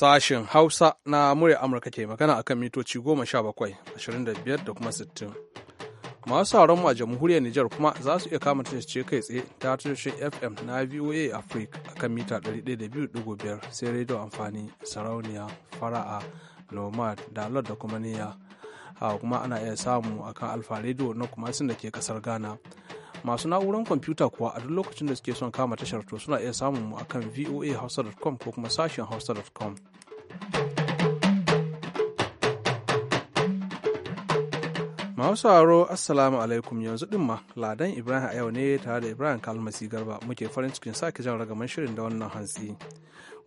Sashen Hausa na murya Amurka ke magana a kan mitoci goma sha bakwai ashirin da biyar da kuma sittin Masu sauranmu a jamhuriyar Nijar kuma za su iya kama ce kai tsaye ta tashoshin FM na VOA Africa kan mita 102.5 sai rediyo amfani sarauniya fara'a nomad dalar da kuma niyya. Hawa kuma ana iya samu akan alfa rediyo na kuma sun da ke kasar Ghana. masu na'urar kwamfuta kuwa a duk lokacin da suke son kama tashar to suna iya samun mu akan voahausa.com ko kuma sashen hausa.com Masu sauraro Assalamu alaikum yanzu din ma Ladan Ibrahim a yau ne tare da Ibrahim Kalmasi Garba muke farin cikin sake jan ragaman shirin da wannan hantsi.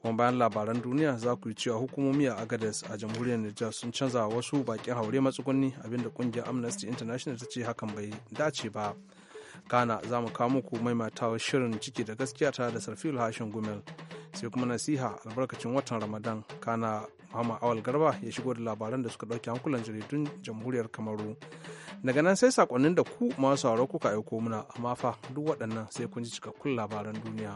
Kuma bayan labaran duniya za ku yi cewa hukumomi a Agadez a jamhuriyar Nijar sun canza wasu bakin haure matsugunni abinda kungiyar Amnesty International ta ce hakan bai dace ba. kana za mu kawo muku maimaitawa shirin ciki da gaskiya tare da sarfil hashin gumel sai kuma nasiha albarkacin watan ramadan kana muhammad awal garba ya shigo da labaran da suka ɗauki hankulan jaridun jamhuriyar kamaru daga nan sai sakonnin da ku masu sauraro kuka aiko muna amma fa duk waɗannan sai kun ji cikakkun labaran duniya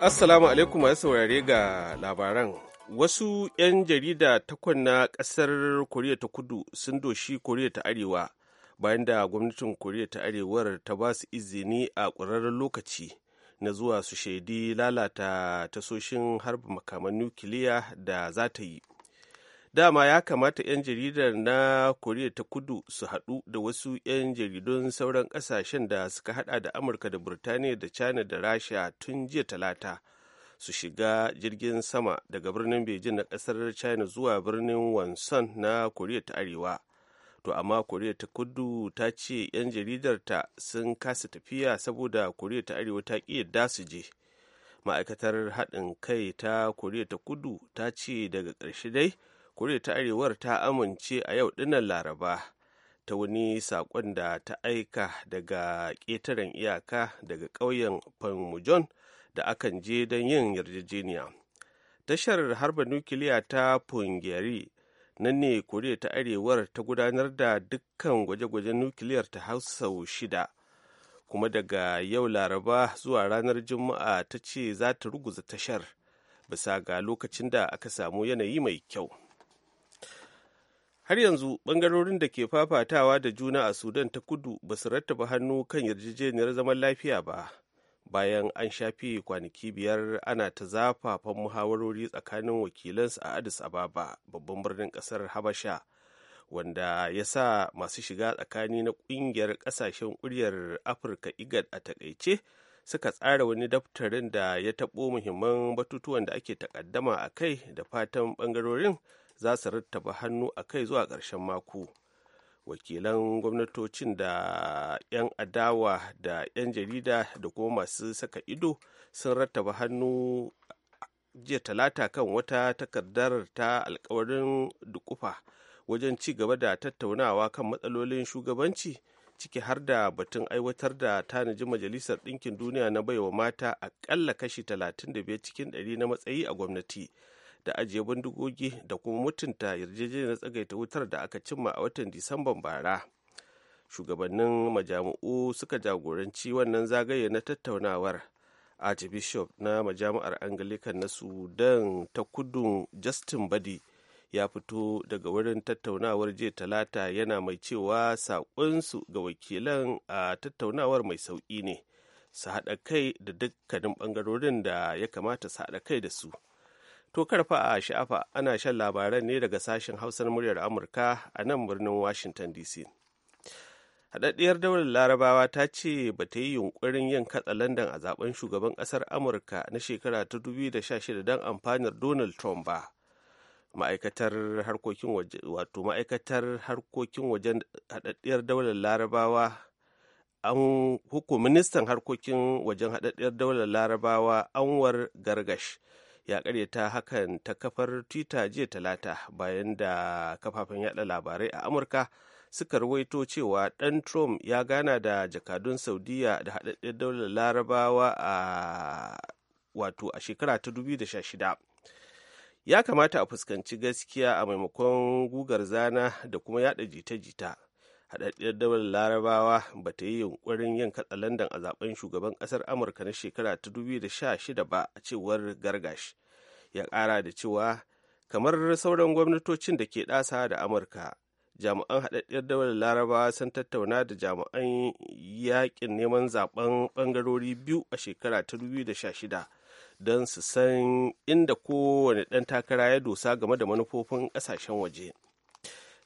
assalamu alaikum masu saurare ga labaran wasu 'yan jarida takwan na ƙasar koriya ta kudu sun doshi koriya ta arewa bayan da gwamnatin koriya ta arewar ta ba su izini a ƙwararren lokaci na zuwa su shaidi lalata tasoshin harba makaman nukiliya da za ta yi dama ya kamata 'yan jaridar na koriya ta kudu su haɗu da wasu 'yan jaridun sauran ƙasashen da suka haɗa da amurka da burtaniya da china da rasha tun jiya talata su shiga jirgin sama daga birnin beijing na kasar china zuwa birnin wonsan na koriya ta arewa to amma koriya ta kudu ta ce 'yan jaridarta sun kasa tafiya saboda koriya ta arewa ta ƙi su je ma'aikatar haɗin kai ta koriya ta kudu ta ce daga ƙarshe dai koriya ta arewar ta amince a yau dinnan laraba ta wani saƙon da ta aika daga ƙetaren iyaka daga ƙauyen pangmujon da akan je don yin yarjejeniya tashar harba nukiliya ta punggye nan ne koriya ta arewar ta gudanar da dukkan gwaje-gwajen nukiliyar ta har shida kuma daga yau laraba zuwa ranar juma'a ta ce za ta ruguza tashar bisa ga lokacin da aka samu yanayi mai kyau har yanzu bangarorin da ke fafatawa da juna a sudan ta kudu ba su rattaba hannu kan yarjejeniyar zaman lafiya ba bayan an shafi kwanaki biyar ana ta zafafan muhawarori tsakanin wakilansu a addis ababa babban birnin kasar habasha wanda ya sa masu shiga tsakani na kungiyar kasashen kuryar afirka igad a takaice suka tsara wani daftarin da ya taɓo muhimman batutuwan da ake takaddama a kai da fatan ɓangarorin za su rattaba hannu a kai zuwa ƙarshen mako. wakilan gwamnatocin da 'yan adawa da 'yan jarida da kuma masu saka ido sun rattaba hannu jiya talata kan wata takardar ta alkawarin dukufa wajen ci gaba da tattaunawa kan matsalolin shugabanci ciki har da batun aiwatar da tanaji majalisar ɗinkin duniya na baiwa mata aƙalla kashi 35 cikin 100 na matsayi a gwamnati da ajiye bindigogi da kuma mutunta yarjejeniyar tsagaita wutar da aka cimma a watan disamban bara shugabannin majami'u suka jagoranci wannan zagaye na tattaunawar archbishop na majami'ar anglican na sudan ta kudun justin badi ya fito daga wurin tattaunawar jiya talata yana mai cewa saƙonsu ga wakilan a tattaunawar mai sauƙi ne su haɗa kai da dukkanin ɓangarorin da ya kamata su haɗa kai da su To karfa a sha'afa ana shan labaran ne daga sashen hausar muryar Amurka a nan birnin Washington DC. Haɗaɗɗiyar daular larabawa ta ce ba ta yi yunƙurin yin katsa London a zaben shugaban ƙasar Amurka na shekara ta 2016 don amfanar Donald Trump ba. Ma'aikatar harkokin wato ma'aikatar harkokin wajen haɗaɗɗiyar daular larabawa an hukuministan harkokin wajen haɗaɗɗiyar daular larabawa Anwar Gargash. ya karyata hakan ta kafar twitter jiya talata bayan da kafafen yada labarai a amurka suka rawaito cewa dan trump ya gana da jakadun saudiya da haɗaɗɗen daular larabawa a wato a shekara ta 2016 ya kamata a fuskanci gaskiya a maimakon gugar zana da kuma yada jita-jita haɗaɗɗiyar daular larabawa ba ta yi yunkurin yin katsalandan a zaben shugaban ƙasar amurka na shekara ta 2016 ba a cewar gargash ya ƙara da cewa kamar sauran gwamnatocin da ke ɗasa da amurka jami'an haɗaɗɗiyar daular larabawa sun tattauna da jami'an yaƙin neman zaben ɓangarori biyu a shekara ta 2016 don su san inda kowane ɗan takara ya dosa game da manufofin ƙasashen waje.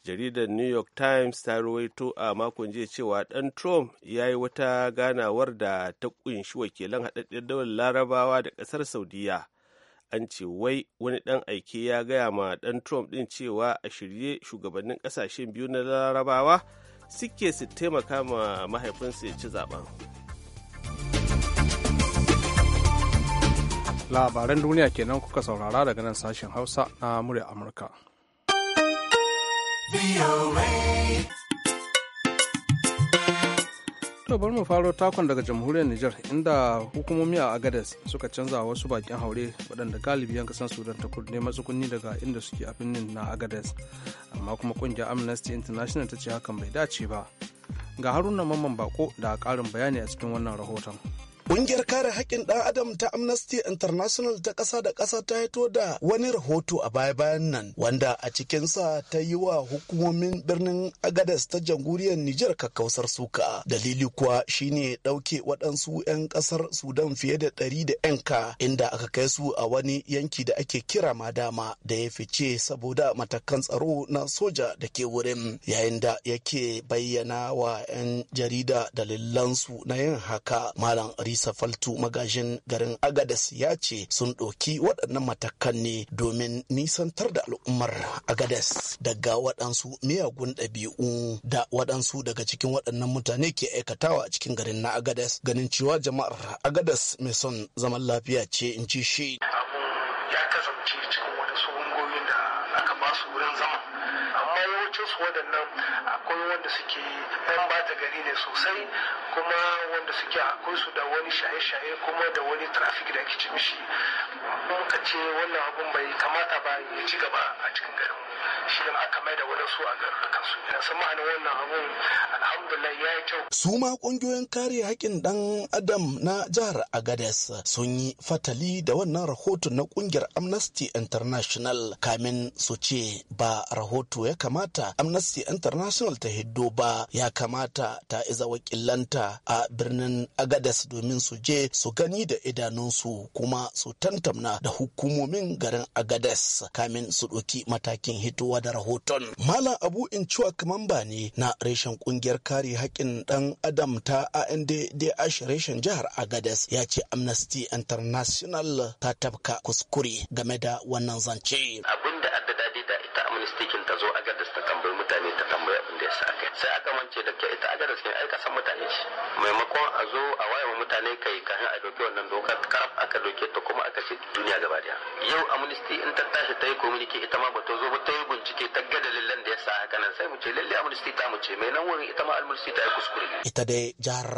jaridar new york times ta ruwaito a makon jiya cewa dan trump ya yi wata ganawar da ta kunshi wakilan haɗaɗɗen daular larabawa da ƙasar saudiya an ce wai wani ɗan aiki ya gaya ma ɗan trump ɗin cewa a shirye shugabannin ƙasashen biyu na larabawa suke su taimaka ma mahaifinsu ya ci zaben labaran duniya kenan kuka saurara daga nan sashen hausa na murya amurka To bari mu faro takon daga jamhuriyar Nijar inda hukumomi a Agadez suka canza wasu bakin haure waɗanda galibi yanka kasan Sudan ta kudu ne matsukunni daga inda suke a birnin na Agadez. Amma kuma ƙungiyar Amnesty International ta ce hakan bai dace ba. Ga haruna mamman bako da ƙarin bayani a cikin wannan rahoton. Ƙungiyar kare haƙƙin ɗan Adam ta Amnesty International ta ƙasa da ƙasa ta haito da wani rahoto a baya-bayan nan wanda a cikinsa ta yi wa hukumomin birnin Agadas ta jamhuriyar Nijar kakkausar suka. Dalili kuwa shine ɗauke waɗansu 'yan ƙasar Sudan fiye da ɗari da 'yan ka inda aka kai su a wani yanki da ake kira madama da ya fice saboda matakan tsaro na soja da ke wurin yayin da yake bayyana wa 'yan jarida dalilansu na yin haka malam Isa safaltu magajin garin agadas ya ce sun ɗoki waɗannan matakan ne domin nisantar da al'ummar agadas daga waɗansu miyagun ɗabi'u da waɗansu daga cikin waɗannan mutane ke aikatawa a cikin garin na agadas ganin cewa jama'ar agadas mai son zaman lafiya ce in ci shi ya kasance cikin wani tsohon da aka ba su wurin zama amma waɗannan akwai wanda suke ɗan bata gari ne sosai kuma wanda suke akwai su da wani shaye-shaye kuma da wani trafik da ake ci mishi ka ce wannan abun bai kamata ba ya ci gaba a cikin garin shi ne aka mai da wadansu a garin kansu ina san wannan abun Suma ƙungiyoyin kare haƙƙin ɗan adam na jihar agades sun yi fatali da wannan rahoto na ƙungiyar amnesty international kamin su ce ba rahoto ya kamata amnesty international ta hiddo ba ya kamata ta iza wakilanta a birnin agades domin su je su gani da idanunsu kuma su tantamna da hukumomin garin agades kamin su ɗauki matakin hitowa da rahoton malam abu in ciwa kamamba ne na reshen ƙungiyar kare haƙƙin ɗan adam ta ANDDH reshen jihar Agadez ya ce Amnesty International ta tafka kuskure game da wannan zance. Abin da da ita Amnesty ta zo Agadez ta tambayi mutane ta tambayi abin da ya sa kai. Sai aka mance da ke ita Agadez ne ai kasan mutane ce. Maimakon a zo a waye mutane kai kafin a doke wannan dokar karaf aka doke ta kuma aka ce duniya gaba daya. Yau Amnesty in ta tashi ta yi komunike ita ma ba ta zo ba ta yi mulsita mu ce mai nan wurin ita ma al ya kuskure ita dai jihar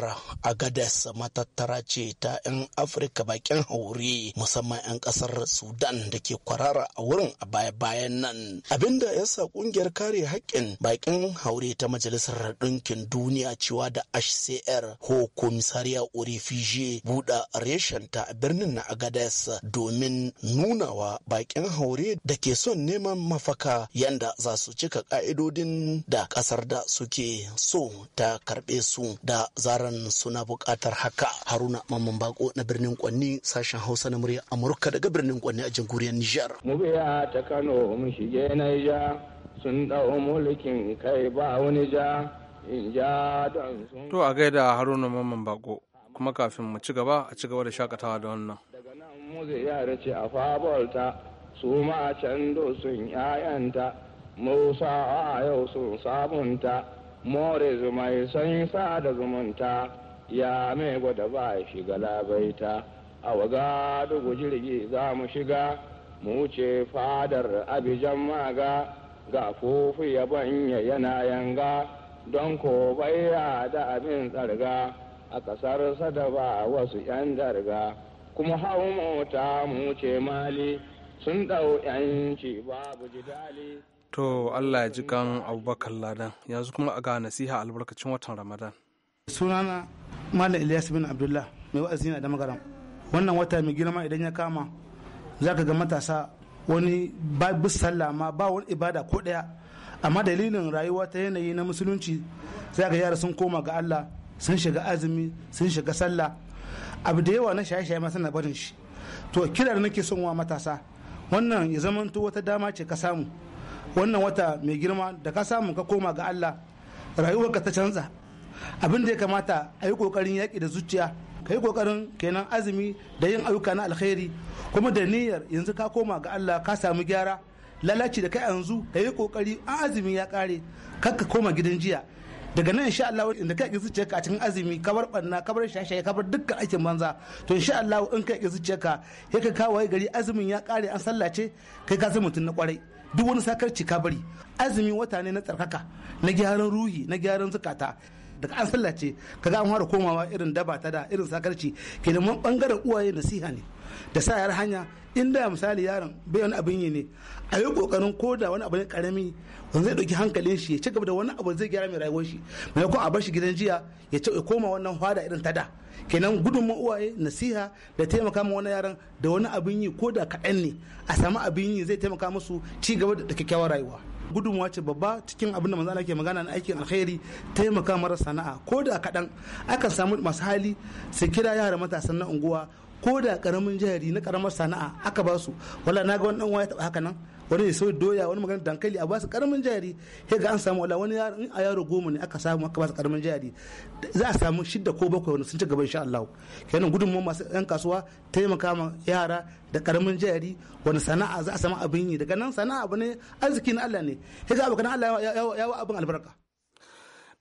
agadas matattara ce ta yan afirka bakin haure musamman yan kasar sudan da ke kwarara a wurin a baya bayan nan abinda ya sa kungiyar kare haƙƙin bakin haure ta majalisar ɗinkin duniya cewa da hcr ko komisariya orifije buɗa reshen ta a birnin na agadas domin nunawa bakin haure da ke son neman mafaka yanda za su cika ka'idodin da kasar da suke so ta karbe su da zaran suna bukatar haka haruna mamman bako na birnin kwanni sashen hausa na murya amurka daga birnin kwanni a jamhuriyar nijar mu ta kano mu shige naija sun dau mulkin kai ba wani ja To a gaida haruna mamman bako kuma kafin mu ci gaba a ci gaba da shakatawa da wannan. Daga nan mu zai yare ce a fabolta su ma can sun 'ya'yanta musa a yau sun sabunta more zumai sun sa da zumunta ya mai gwada ba shiga labaita a waga dugu jirgi za mu shiga mu ce fadar abijan maga ga fufu ya banya yana yanga don ko baya da abin tsarga a ƙasar ba wasu 'yan darga kuma hau mota mu ce mali sun ɗau 'yanci babu jidali To Allah ya ji kan abubakar ladan yanzu kuma ga nasiha albarkacin watan Ramadan. Sunana Malam Ilyas bin Abdullah mai wa'azi na da magaram. Wannan wata mai girma idan ya kama za ka ga matasa wani ba sallah ma ba wani ibada ko ɗaya amma dalilin rayuwa ta yanayi na musulunci za ga yara sun koma ga Allah sun shiga azumi sun shiga sallah abu da yawa na shaye-shaye ma suna barin shi to kira da nake son wa matasa wannan ya zamanto wata dama ce ka samu wannan wata mai girma da ka samu ka koma ga Allah rayuwarka ta canza abin da ya kamata a yi kokarin yaƙi da zuciya ka yi kokarin kenan azumi da yin ayyuka na alkhairi kuma da niyyar yanzu ka koma ga Allah ka samu gyara lalaci da kai yanzu ka yi kokari an azumi ya kare ka koma gidan jiya daga nan insha Allah inda ka ki zuciyarka a cikin azumi ka bar banna ka bar shashaye ka bar dukkan aikin banza to insha Allah in ka ki zuciyarka ya ka gari azumin ya kare an sallace kai ka zama mutum na kwarai duk wani sakarci ka bari azumi wata ne na tsarkaka na gyaran ruhi na gyaran zukata daga an sallace kaga an fara komawa irin dabata da irin sakarci kenan bangaren uwaye nasiha ne da sa yar hanya in da misali yaron bai wani abin yi ne a yi kokarin ko da wani abu ne karami wanda zai dauki hankalin shi ya ci gaba da wani abu zai gyara mai rayuwar shi maimakon a bar shi gidan jiya ya ce koma wannan fada irin tada kenan gudun uwaye nasiha da taimaka ma wani yaran da wani abin yi ko da kaɗan ne a samu abin yi zai taimaka musu ci gaba da kyakkyawar rayuwa gudunmuwa ce babba cikin abin da manzana ke magana na aikin alkhairi taimaka mara sana'a ko da kaɗan akan samu masu hali su kira yara matasan na unguwa ko da karamin jihari na karamar sana'a aka ba su wala na ga wani waya taba haka nan wani ya sai doya wani magana dankali a ba su karamin jihari sai ga an samu wala wani a yaro goma ne aka samu aka ba su karamin jihari za a samu shidda ko bakwai wani sun ci gaba insha Allah kenan gudunmu masu yan kasuwa taimaka ma yara da karamin jihari wani sana'a za a samu abin yi daga nan sana'a abu ne arziki na Allah ne sai ga abokan Allah yawa abin albarka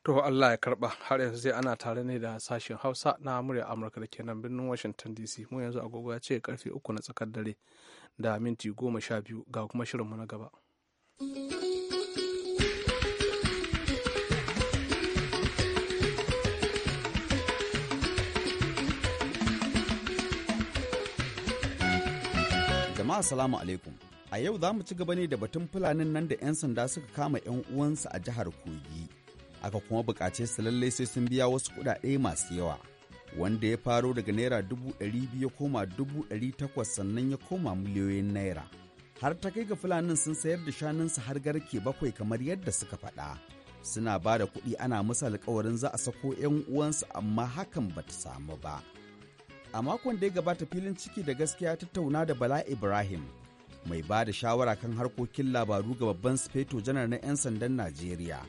To Allah ya karba har yanzu zai ana tare ne da sashen Hausa na murya Amurka da kenan birnin Washington DC mu yanzu agogo ya ce karfe uku na tsakar dare da minti goma sha biyu ga kuma shirinmu na gaba. Jama'a salamu alaikum. A yau za mu ci gaba ne da batun fulanin nan da 'yan sanda suka kama 'yan uwansa a jihar Kogi. aka kuma bukace su lallai sai sun biya wasu kuɗaɗe masu yawa wanda ya faro daga naira dubu ɗari biyu ya koma dubu ɗari takwas sannan ya koma miliyoyin naira har ta kai ga fulanin sun sayar da shanunsa har garke bakwai kamar yadda suka faɗa suna ba da kuɗi ana musu alkawarin za a sako 'yan uwansu amma hakan ba ta samu ba a makon da ya gabata filin ciki da gaskiya tattauna da bala ibrahim mai ba da shawara kan harkokin labaru ga babban sufeto janar na 'yan sandan najeriya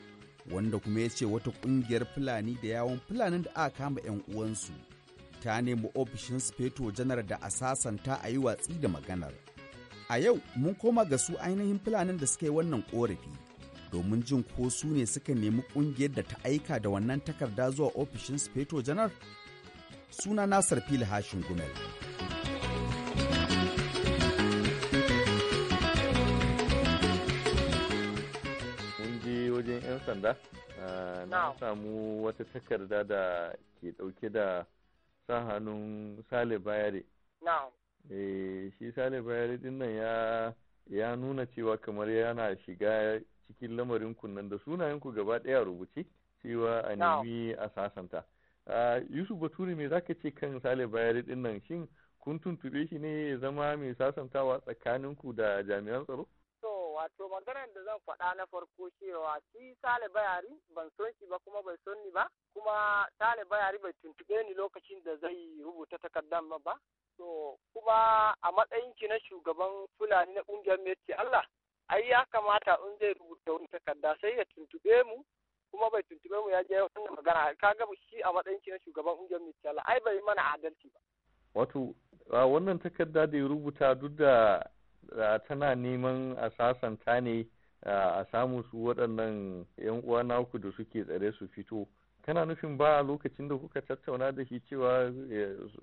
wanda kuma ya ce wata ƙungiyar fulani da yawon fulanin da aka kama 'yan uwansu ta nemi ofishin speto janar da a sasanta a yi watsi da maganar a yau mun koma ga su ainihin fulanin da suka yi wannan korafi domin jin ko su ne suka nemi ƙungiyar da ta aika da wannan takarda zuwa ofishin speto janar suna nasar fili hashin gumel. sanda ah, na samu wata takarda da ke dauke da sa hannun sale bayare eh, shi sale bayare din nan ya nuna cewa kamar yana shiga cikin lamarin kunnan da sunayen ku gaba daya rubuce cewa a nemi a sasanta ah, yusuf baturi me zaka ce kan sale bayare din nan shin kun tuntube shi ne zama mai sasantawa tsakaninku da jami'an tsaro wato maganar da zan faɗa na farko cewa shi sale bayari ban son shi ba kuma bai son ni ba kuma sale bayari bai tuntube ni lokacin da zai rubuta takardar ba to kuma a matsayin ki na shugaban fulani na ƙungiyar mai Allah ai ya kamata in zai rubuta wani takarda sai ya tuntube mu kuma bai tuntube mu ya je wannan magana ka ga shi a matsayin ki na shugaban ƙungiyar mai Allah ai bai mana adalci ba wato wannan takarda da ya rubuta duk da tana neman a sasanta ne a samu su waɗannan 'yan uwa naku da suke tsare su fito kana nufin ba a lokacin da kuka tattauna da shi cewa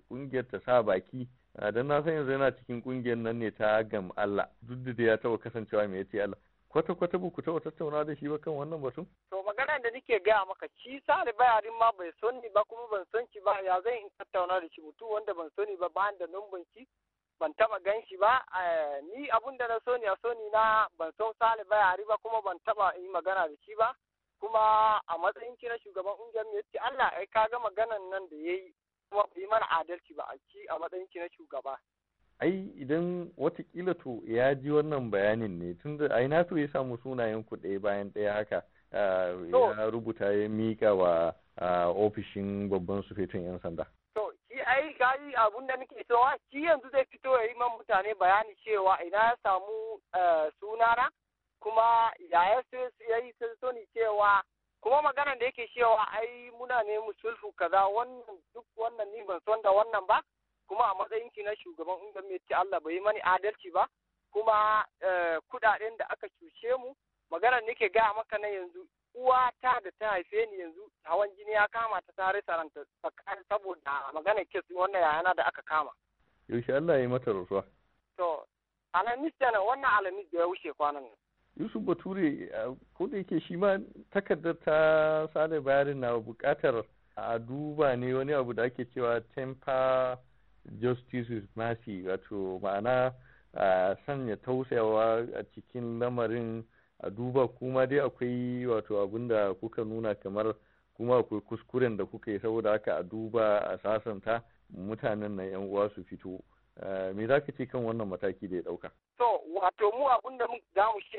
kungiyar eh, ta sa baki don na san yanzu yana cikin kungiyar nan ne ta gam Allah duk da ya taɓa kasancewa mai yace Allah kwata kwata ba ku taɓa tattauna da shi ba kan wannan batun to maganar da nake gaya maka shi sare yarin ma bai son ni ba kuma ban son ki ba ya zan in tattauna da shi mutum wanda ban sani ba bayan da numban shi ban taba gan shi ba eh, ni abun da na so ne a so ni na ban son sale ba yari ba kuma ban taba yi magana da shi ba kuma a matsayin kira shugaban ungiyar mu yace Allah ai ka ga maganan nan da yayi kuma bai mana adalci ba a ci a matsayin kira shugaba ai idan watakila to ya ji wannan bayanin ne tunda ai na so ya samu sunayen ku ɗaya bayan ɗaya haka eh, ya rubuta ya mika wa eh, ofishin babban sufetin 'yan sanda. shi ai gayi abun da nake so shi yanzu zai fito ya yi man mutane bayani cewa ina ya samu eh, sunana kuma ya ya yi sani cewa kuma maganar da yake cewa ai muna ne musulfu kaza wannan duk wannan ni ban son da wannan ba kuma a matsayin ki na shugaban ungwamnati Allah bai yi mani adalci ba kuma eh, kudaden da aka cuce mu maganar nake gaya maka na yanzu uwata da ta haife ni yanzu hawan jini ya kama ta tare saranta saboda magana kes wannan yayana da aka kama yaushe Allah ya yi mata rasuwa to alamis da wannan alamis da ya wuce kwanan nan Yusuf Bature ko da yake shi ma takardar ta sada bayarin na bukatar a duba ne wani abu da ake cewa temper justice is mercy wato ma'ana sanya tausayawa a cikin lamarin a duba kuma dai akwai wato abinda kuka nuna kamar kuma akwai kuskuren da kuka yi saboda haka a duba a sasanta mutanen na yan uwa su fito eh, me za ka ce kan wannan mataki da ya ɗauka? to wato mu abin da za mu shi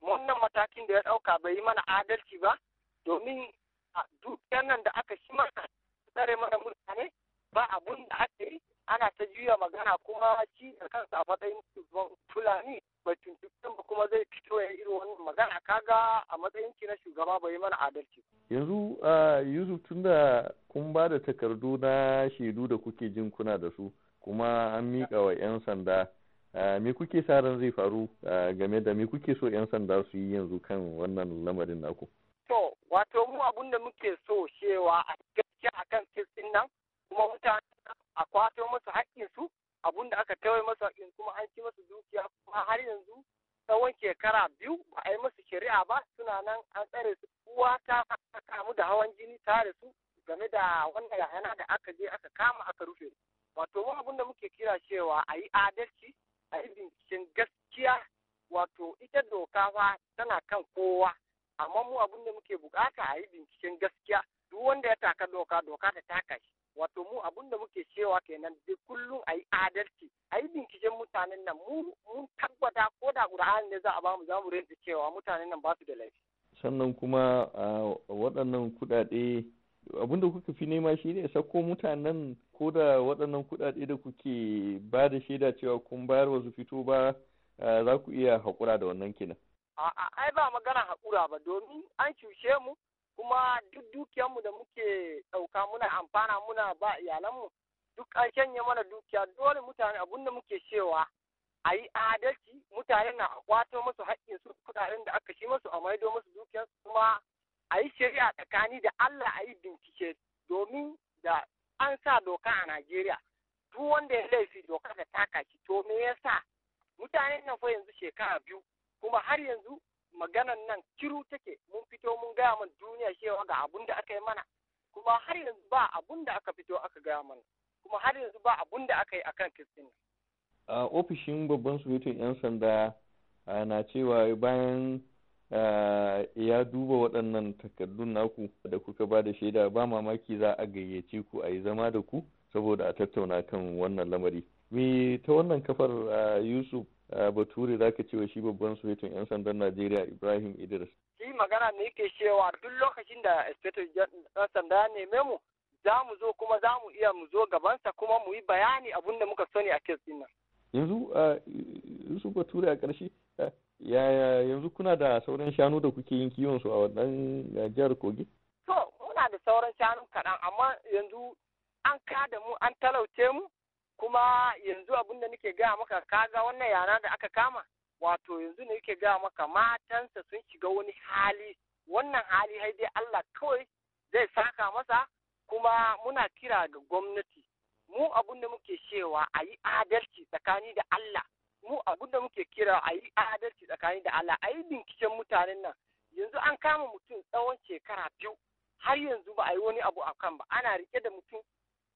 wannan matakin da ya dauka bai yi mana adalci ba domin a duk nan da aka shi mana tsare mana mutane ba abun da ake yi ana ta juya magana kuma shi da kansa a matsayin shugaban fulani ba tuntuɓe ba kuma zai fito ya irin wannan magana kaga a matsayin ki na shugaba bai mana adalci. yanzu yusuf tunda kun ba da takardu na shaidu da kuke jin kuna da su kuma an miƙa wa 'yan sanda me kuke sa ran zai faru game da me kuke so 'yan sanda su yi yanzu kan wannan lamarin naku. to wato mu abun da muke so cewa a gaskiya akan kirsin nan kuma mutane a kwato hakkin su abun da aka tawaye masu haƙƙin kuma an ci masu dukiya kuma har yanzu tsawon shekara biyu ba a yi masu shari'a ba suna nan an tsare su uwa ta kamu da hawan jini tare su game da wannan yana da aka je aka kama aka rufe wato mu abun da muke kira cewa a yi adalci a yi binciken gaskiya wato ita doka fa tana kan kowa amma mu abun da muke bukata a yi binciken gaskiya duk wanda ya taka doka doka ta taka shi wato mu abun da muke cewa kenan duk kullum a yi adalci a yi binciken mutanen nan mun tabbata ko da ne za a bamu za mu rinta cewa mutanen nan ba su da laifi sannan kuma waɗannan kuɗaɗe abin da kuka fi nema shi ne sako mutanen ko da waɗannan kuɗaɗe da kuke ba da shaida cewa kun bayar wasu fito ba za ku iya haƙura da wannan kenan. ai ba magana haƙura ba domin an cushe mu kuma duk dukiyarmu da muke ɗauka muna amfana muna ba iyalanmu duk an shanye mana dukiya dole mutane abinda muke cewa a yi adalci mutane na kwato musu haƙƙinsu kuɗaɗen da aka shi musu a maido musu dukiyarsu kuma a yi shari'a tsakani da Allah a yi bincike domin da an sa doka a Najeriya duk wanda ya laifi doka da taka shi to me yasa mutane nan fa yanzu shekara biyu kuma har yanzu maganan nan kiru take mun fito mun gaya mana duniya cewa ga abun da aka yi mana kuma har yanzu ba abun da aka fito aka gaya mana kuma har yanzu ba abun da aka yi akan kristin a ofishin babban surutun yan sanda na cewa bayan ya duba waɗannan takardun naku da kuka ba da shaida ba mamaki za a gayyace ku a yi zama da ku saboda a tattauna kan wannan lamari me ta wannan kafar yusuf Eh, bature za ka cewa shi babban sojojin 'yan sandan najeriya ibrahim idris shi magana ne yake cewa duk lokacin da inspector ɗan sanda ya neme mu za mu zo kuma za mu iya mu zo gabansa kuma mu yi bayani abin da muka sani a kes ɗin nan yanzu eh, yusuf bature a ƙarshe eh, yaya yanzu kuna da sauran shanu da kuke yin kiwon su a wannan jihar kogi to muna da sauran shanu kaɗan amma yanzu an kada mu an talauce mu kuma yanzu abin da nake gaya maka kaga wannan yara da aka kama wato yanzu ne yake gaya maka matansa sun shiga wani hali wannan hali hai Allah kawai zai saka masa kuma muna kira ga gwamnati mu abin da muke cewa a yi adalci tsakani da Allah mu abin da muke kira a yi adalci tsakani da Allah a yi binciken mutanen nan yanzu an kama mutum tsawon shekara biyu har yanzu ba a yi wani abu a kan ba ana rike da mutum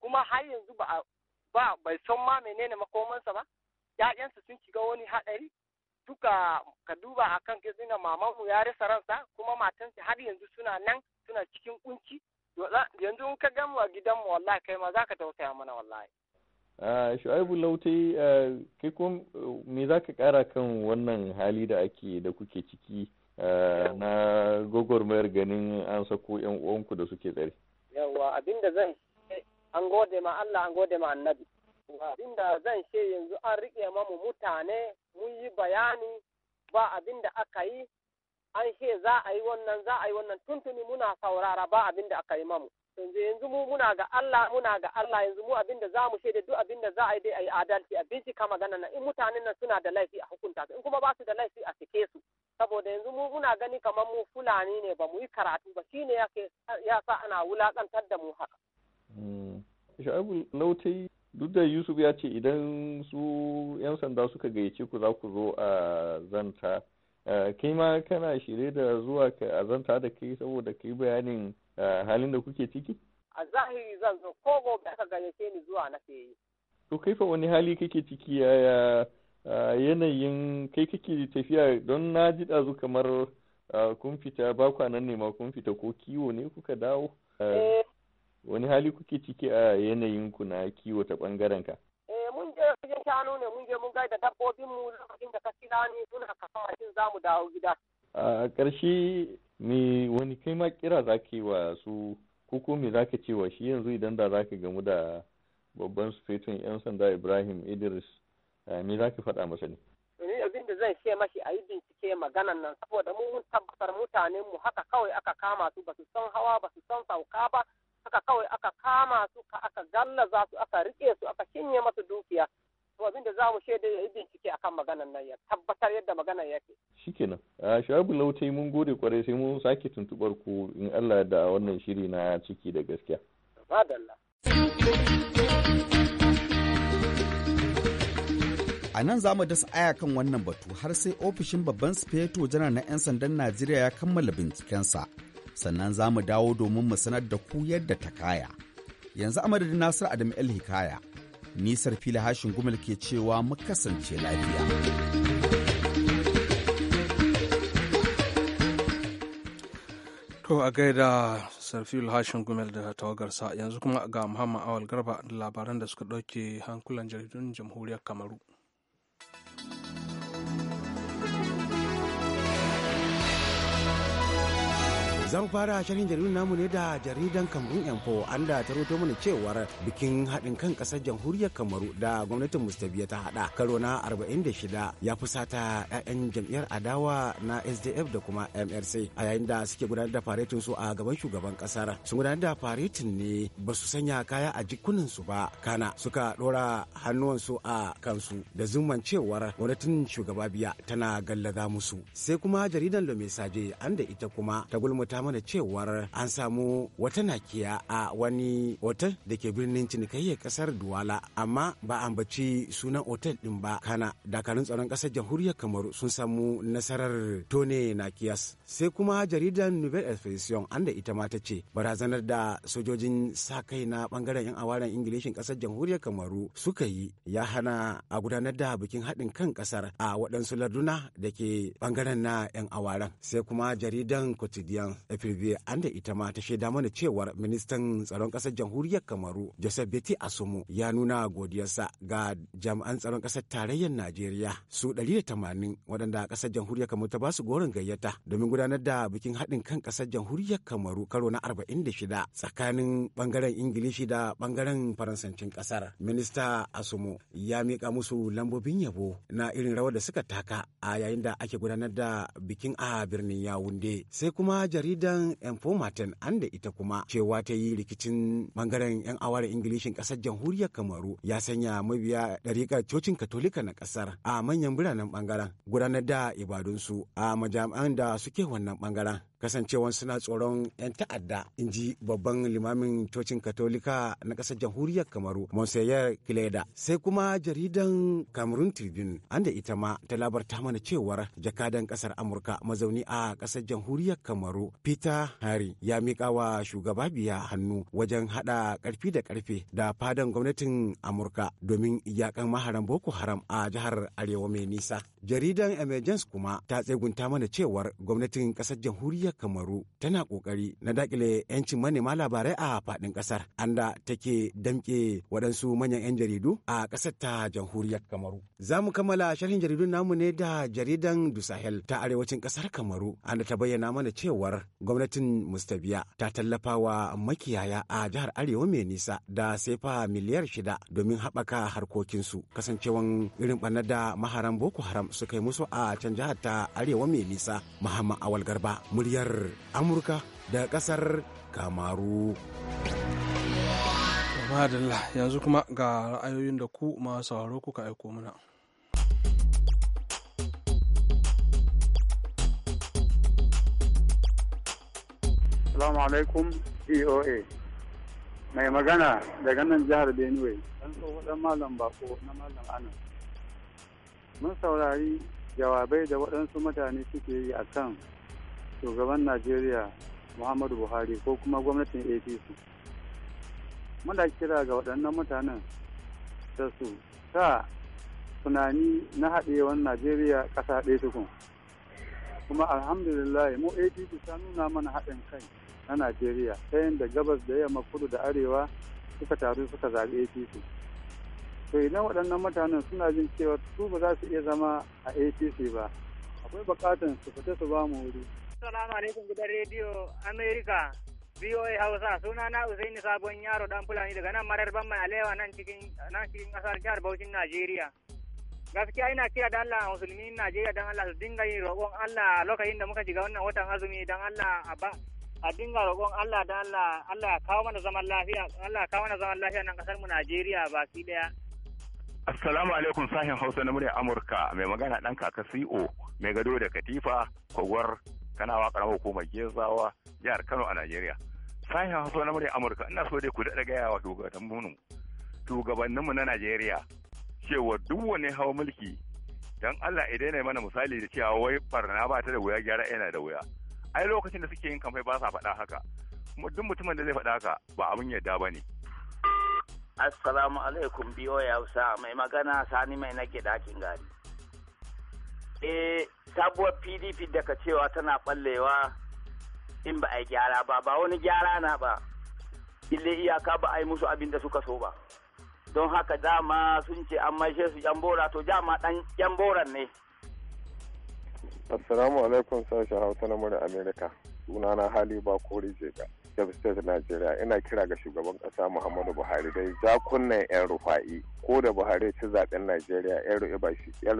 kuma har yanzu ba a ba bai san ma menene makomansa ba ƴaƴansu sun shiga wani haɗari duka ka duba akan gizina mamanmu ya rasa ransa kuma matansa har yanzu suna nan suna cikin kunci yanzu in ka gamu a gidanmu wallahi kai ma zaka tausaya mana wallahi shu'aibu lautai kai ko me za ka kara kan wannan hali da ake da kuke ciki na gwagwarmayar ganin an sako yan uwanku da suke tsare yawa abin zan an gode ma Allah an gode ma annabi abinda zan ce yanzu an riƙe mamu mutane mun yi bayani ba abinda aka yi an ce za a yi wannan za a yi wannan tuntuni muna saurara ba abinda aka yi mamu yanzu yanzu mu muna ga Allah muna ga Allah yanzu mu abinda za mu da duk abinda za a yi dai a yi adalci a bincika magana na in mutanen nan suna da laifi a hukunta su in kuma ba su da laifi a cike su saboda yanzu mu muna gani kamar mu fulani ne ba mu yi karatu ba shine yake ya sa ana wulakantar da mu haka Mm. Shu'abu Nautai duk da Yusuf ya ce idan su 'yan sanda suka gayyace ku za ku zo a zanta. Eh, kai ma kana shirye da zuwa a zanta da kai saboda kai bayanin eh, halin da kuke ciki? A zahiri zan zo ko gobe aka gayyace ni zuwa na yi. To kai fa wani hali kake ciki yaya yanayin kai kake tafiya don na ji ɗazu kamar eh, kun fita ba kwanan ne ma kun fita ko kiwo ne kuka dawo? wani hali kuke ciki a yanayin ku na kiwo ta bangaren ka eh mun je wajen shanu ne mun je mun ga da dabbobin mu lokacin da ka ne ni suna kasuwa shin zamu dawo gida a ƙarshe me wani kai ma kira zaki yi wa su ko me zaka ce wa shi yanzu idan da zaka gamu da babban sufetun 'yan sanda ibrahim idris me zaka faɗa masa ne abin zan ce mashi a yi bincike maganan nan saboda mun tabbatar mutanen mu haka kawai aka kama su ba su san hawa ba su san sauka ba haka kawai aka kama su aka gallaza su aka rike su aka cinye masu dukiya to abin da zamu shaida ya bincike akan maganar nan ya tabbatar yadda maganar yake shikenan a shabu lauta mun gode kwarai sai mun sake tuntubar ku in Allah da wannan shiri na ciki da gaskiya madalla a nan za mu dasa aya kan wannan batu har sai ofishin babban sufeto janar na 'yan sandan najeriya ya kammala bincikensa sannan za mu dawo domin mu sanar da ku yadda ta kaya. Yanzu a madadin Nasiru Adam El Hikaya, nisar fili hashin gumal ke cewa mu kasance lafiya. To a gaida sarfi Hashin Gumel da tawagarsa yanzu kuma ga Muhammad Awal Garba da labaran da suka ɗauke hankulan jaridun jamhuriyar Kamaru. Zan fara shirin jaridun namu ne da jaridan kamarun yanfo an da ta roto mana cewar bikin haɗin kan ƙasar jamhuriyar Kamaru da gwamnatin Mustabiya ta haɗa karo na 46 ya fusata 'ya'yan jam'iyyar adawa na SDF da kuma MRC a yayin da suke gudanar da faretin su a gaban shugaban ƙasar. Sun gudanar da faretin ne ba su sanya kaya a jikunan su ba kana suka ɗora su a kansu da zuman cewar gwamnatin shugaba biya tana gallaga musu. Sai kuma jaridan Lomesaje an da ita kuma ta gulmuta labarta mana cewar an samu wata nakiya a wani otal da ke birnin cinikayyar kasar Duwala amma ba ambaci sunan otal din ba kana dakarun tsaron kasar jamhuriyar Kamaru sun samu nasarar tone nakiyas sai kuma jaridar Nouvelle Expression an da ita ma ta ce barazanar da sojojin sa kai na bangaren yan awaren Ingilishin kasar jamhuriyar Kamaru suka yi ya hana a gudanar da bikin haɗin kan kasar a waɗansu larduna da ke bangaren na yan awaren sai kuma jaridan quotidien fpv an da ita ma ta shaida mana cewar ministan tsaron ƙasar jamhuriyar kamaru joseph beti asumu ya nuna godiyarsa ga jami'an tsaron ƙasar tarayyar najeriya su 180 waɗanda ƙasar jamhuriyar kamaru ta basu goron gayyata domin gudanar da bikin haɗin kan ƙasar jamhuriyar kamaru karo na 46 tsakanin ɓangaren ingilishi da ɓangaren faransancin ƙasar minista asumu ya miƙa musu lambobin yabo na irin rawar da suka taka a yayin da ake gudanar da bikin a birnin yawunde sai kuma jaridar jaridan info anda an da ita kuma cewa ta yi rikicin bangaren 'yan awara ingilishin kasar jamhuriyar kamaru ya sanya mabiya ɗariƙar cocin katolika na ƙasar a manyan biranen bangaren gudanar da ibadunsu a majami'an da suke wannan bangaren kasancewan suna tsoron 'yan ta'adda in ji babban limamin cocin katolika na ƙasar jamhuriyar kamaru monseyer kileda sai kuma jaridan cameroon tribune an da ita ma ta labarta mana cewar jakadan ƙasar amurka mazauni a ƙasar jamhuriyar kamaru peter hari ya miƙa wa shugaba biya hannu wajen haɗa ƙarfi da ƙarfe da fadan gwamnatin amurka domin iyakan maharan boko haram a jihar arewa mai nisa jaridan emergence kuma ta tsegunta mana cewar gwamnatin ƙasar jamhuriyar jamhuriyar kamaru tana kokari na dakile 'yancin manema labarai a faɗin ƙasar anda take damƙe waɗansu manyan 'yan jaridu a ƙasar ta jamhuriyar kamaru za mu kammala sharhin jaridun namu ne da jaridan dusahel ta arewacin ƙasar kamaru anda ta bayyana mana cewar gwamnatin mustabiya ta tallafa wa makiyaya a jihar arewa mai nisa da sefa miliyar shida domin haɓaka harkokinsu kasancewan irin ɓanna da maharan boko haram suka yi musu a can jihar ta arewa mai nisa muhammad awal garba muryar muryar amurka da kasar kamaru madalla yanzu kuma ga ra'ayoyin da ku masu sauraro kuka aiko mana salamu alaikum DOA. E Mai magana daga nan jihar Benue, ɗan tsohon malam bako na malam Ana. Mun saurari jawabai da waɗansu mutane suke yi a kan shugaban najeriya muhammadu buhari ko kuma gwamnatin apc muna kira ga waɗannan mutanen da su sa tunani na haɗewan najeriya ƙasa ɗaya tukun kuma alhamdulillah mu apc ta nuna mana haɗin kai na najeriya ta yadda gabas da yamma kudu da arewa suka taru suka zabi apc to idan waɗannan mutanen suna jin cewa su ba za su iya zama a apc ba akwai buƙatar su fita su ba mu wuri Assalamu alaikum gidan rediyo Amerika. VOA Hausa suna na Usaini Sabon Yaro dan Fulani daga nan marar ban mai alewa nan cikin nan cikin kasar jihar Bauchin Najeriya. Gaskiya ina kira da Allah musulmin Najeriya dan Allah su dinga yin roƙon Allah lokacin da muka shiga wannan watan azumi dan Allah a ba a dinga roƙon Allah dan Allah Allah ya kawo mana zaman lafiya Allah ya kawo mana zaman lafiya nan kasar mu Najeriya baki daya. Assalamu alaikum sahin Hausa na murya Amurka mai magana dan kaka CEO mai gado da katifa kogwar wa karamar hukumar gezawa jihar kano a najeriya sahin hausa na murya amurka ina so dai ku daɗa gaya wa shugabanninmu shugabanninmu na najeriya cewa duk wani hawa mulki dan allah idan ne mana misali da cewa wai barna ba ta da wuya gyara yana da wuya ai lokacin da suke yin kamfai ba sa faɗa haka kuma duk mutumin da zai faɗa haka ba abin yadda ba ne assalamu alaikum biyo ya hausa mai magana sani mai nake dakin gari eh sabuwar pdp daga cewa tana ɓallewa in ba a yi gyara ba ba wani gyara na ba ille iyaka ba a yi musu abin da suka so ba don haka dama sun ce an maishe su yan bora to dama dan yan boran ne assalamu alaikum sashen hausa na murin amerika sunana hali ba kori jega Kebbi State Najeriya ina kira ga shugaban kasa Muhammadu Buhari dai jakunnan 'yan rufa'i ko da Buhari ci zaben Najeriya 'yan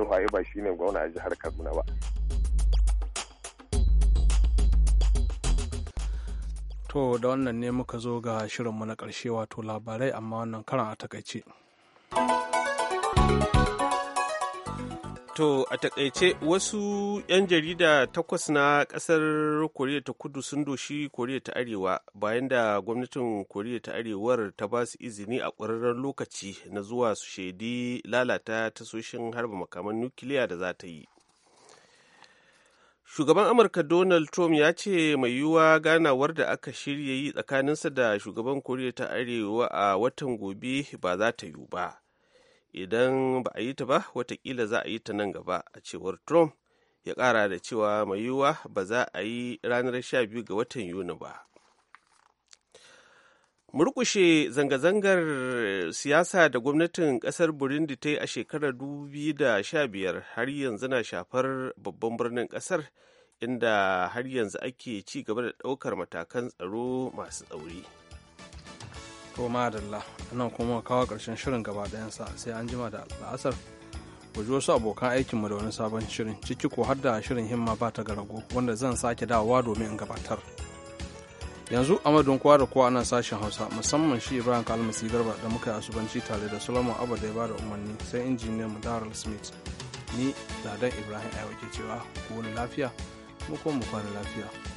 rufa'i ba shi ne gwamna a jihar Kaduna ba. To da wannan ne muka zo ga shirinmu na ƙarshe wato labarai amma wannan karan a takaice. To a takaice wasu 'yan jarida takwas na kasar Koriya ta kudu sun doshi Koriya ta Arewa bayan da gwamnatin Koriya ta Arewar ta ba su izini a ƙwararren lokaci na zuwa su shaidi lalata tasoshin harba makaman nukiliya da za ta yi. Shugaban Amurka Donald Trump ya ce mai yiwuwa ganawar da aka shirya yi tsakaninsa da shugaban Koriya ta Arewa a watan gobe ba za ta yiwu ba. idan ba a yi ta ba watakila za a yi ta nan gaba a cewar trump ya kara da cewa mai yiwuwa ba za a yi ranar 12 ga watan yuni ba murkushe zanga-zangar siyasa da gwamnatin kasar burundi ta yi a shekarar 2015 har yanzu na shafar babban birnin kasar inda har yanzu ake ci gaba da daukar matakan tsaro masu tsauri. to madalla nan kuma kawo ƙarshen shirin gaba ɗayansa sai an jima da la'asar ku ji wasu abokan mu da wani sabon shirin ciki ko har da shirin himma ba ta garago wanda zan sake dawowa domin in gabatar yanzu amadun kowa da kowa nan sashen hausa musamman shi ibrahim kalmasi garba da muka yi asubanci tare da solomon abu da ya bada umarni sai injiniyan mu daryl smith ni ladan ibrahim aiwa cewa ku wani lafiya mu kuma mu kwana lafiya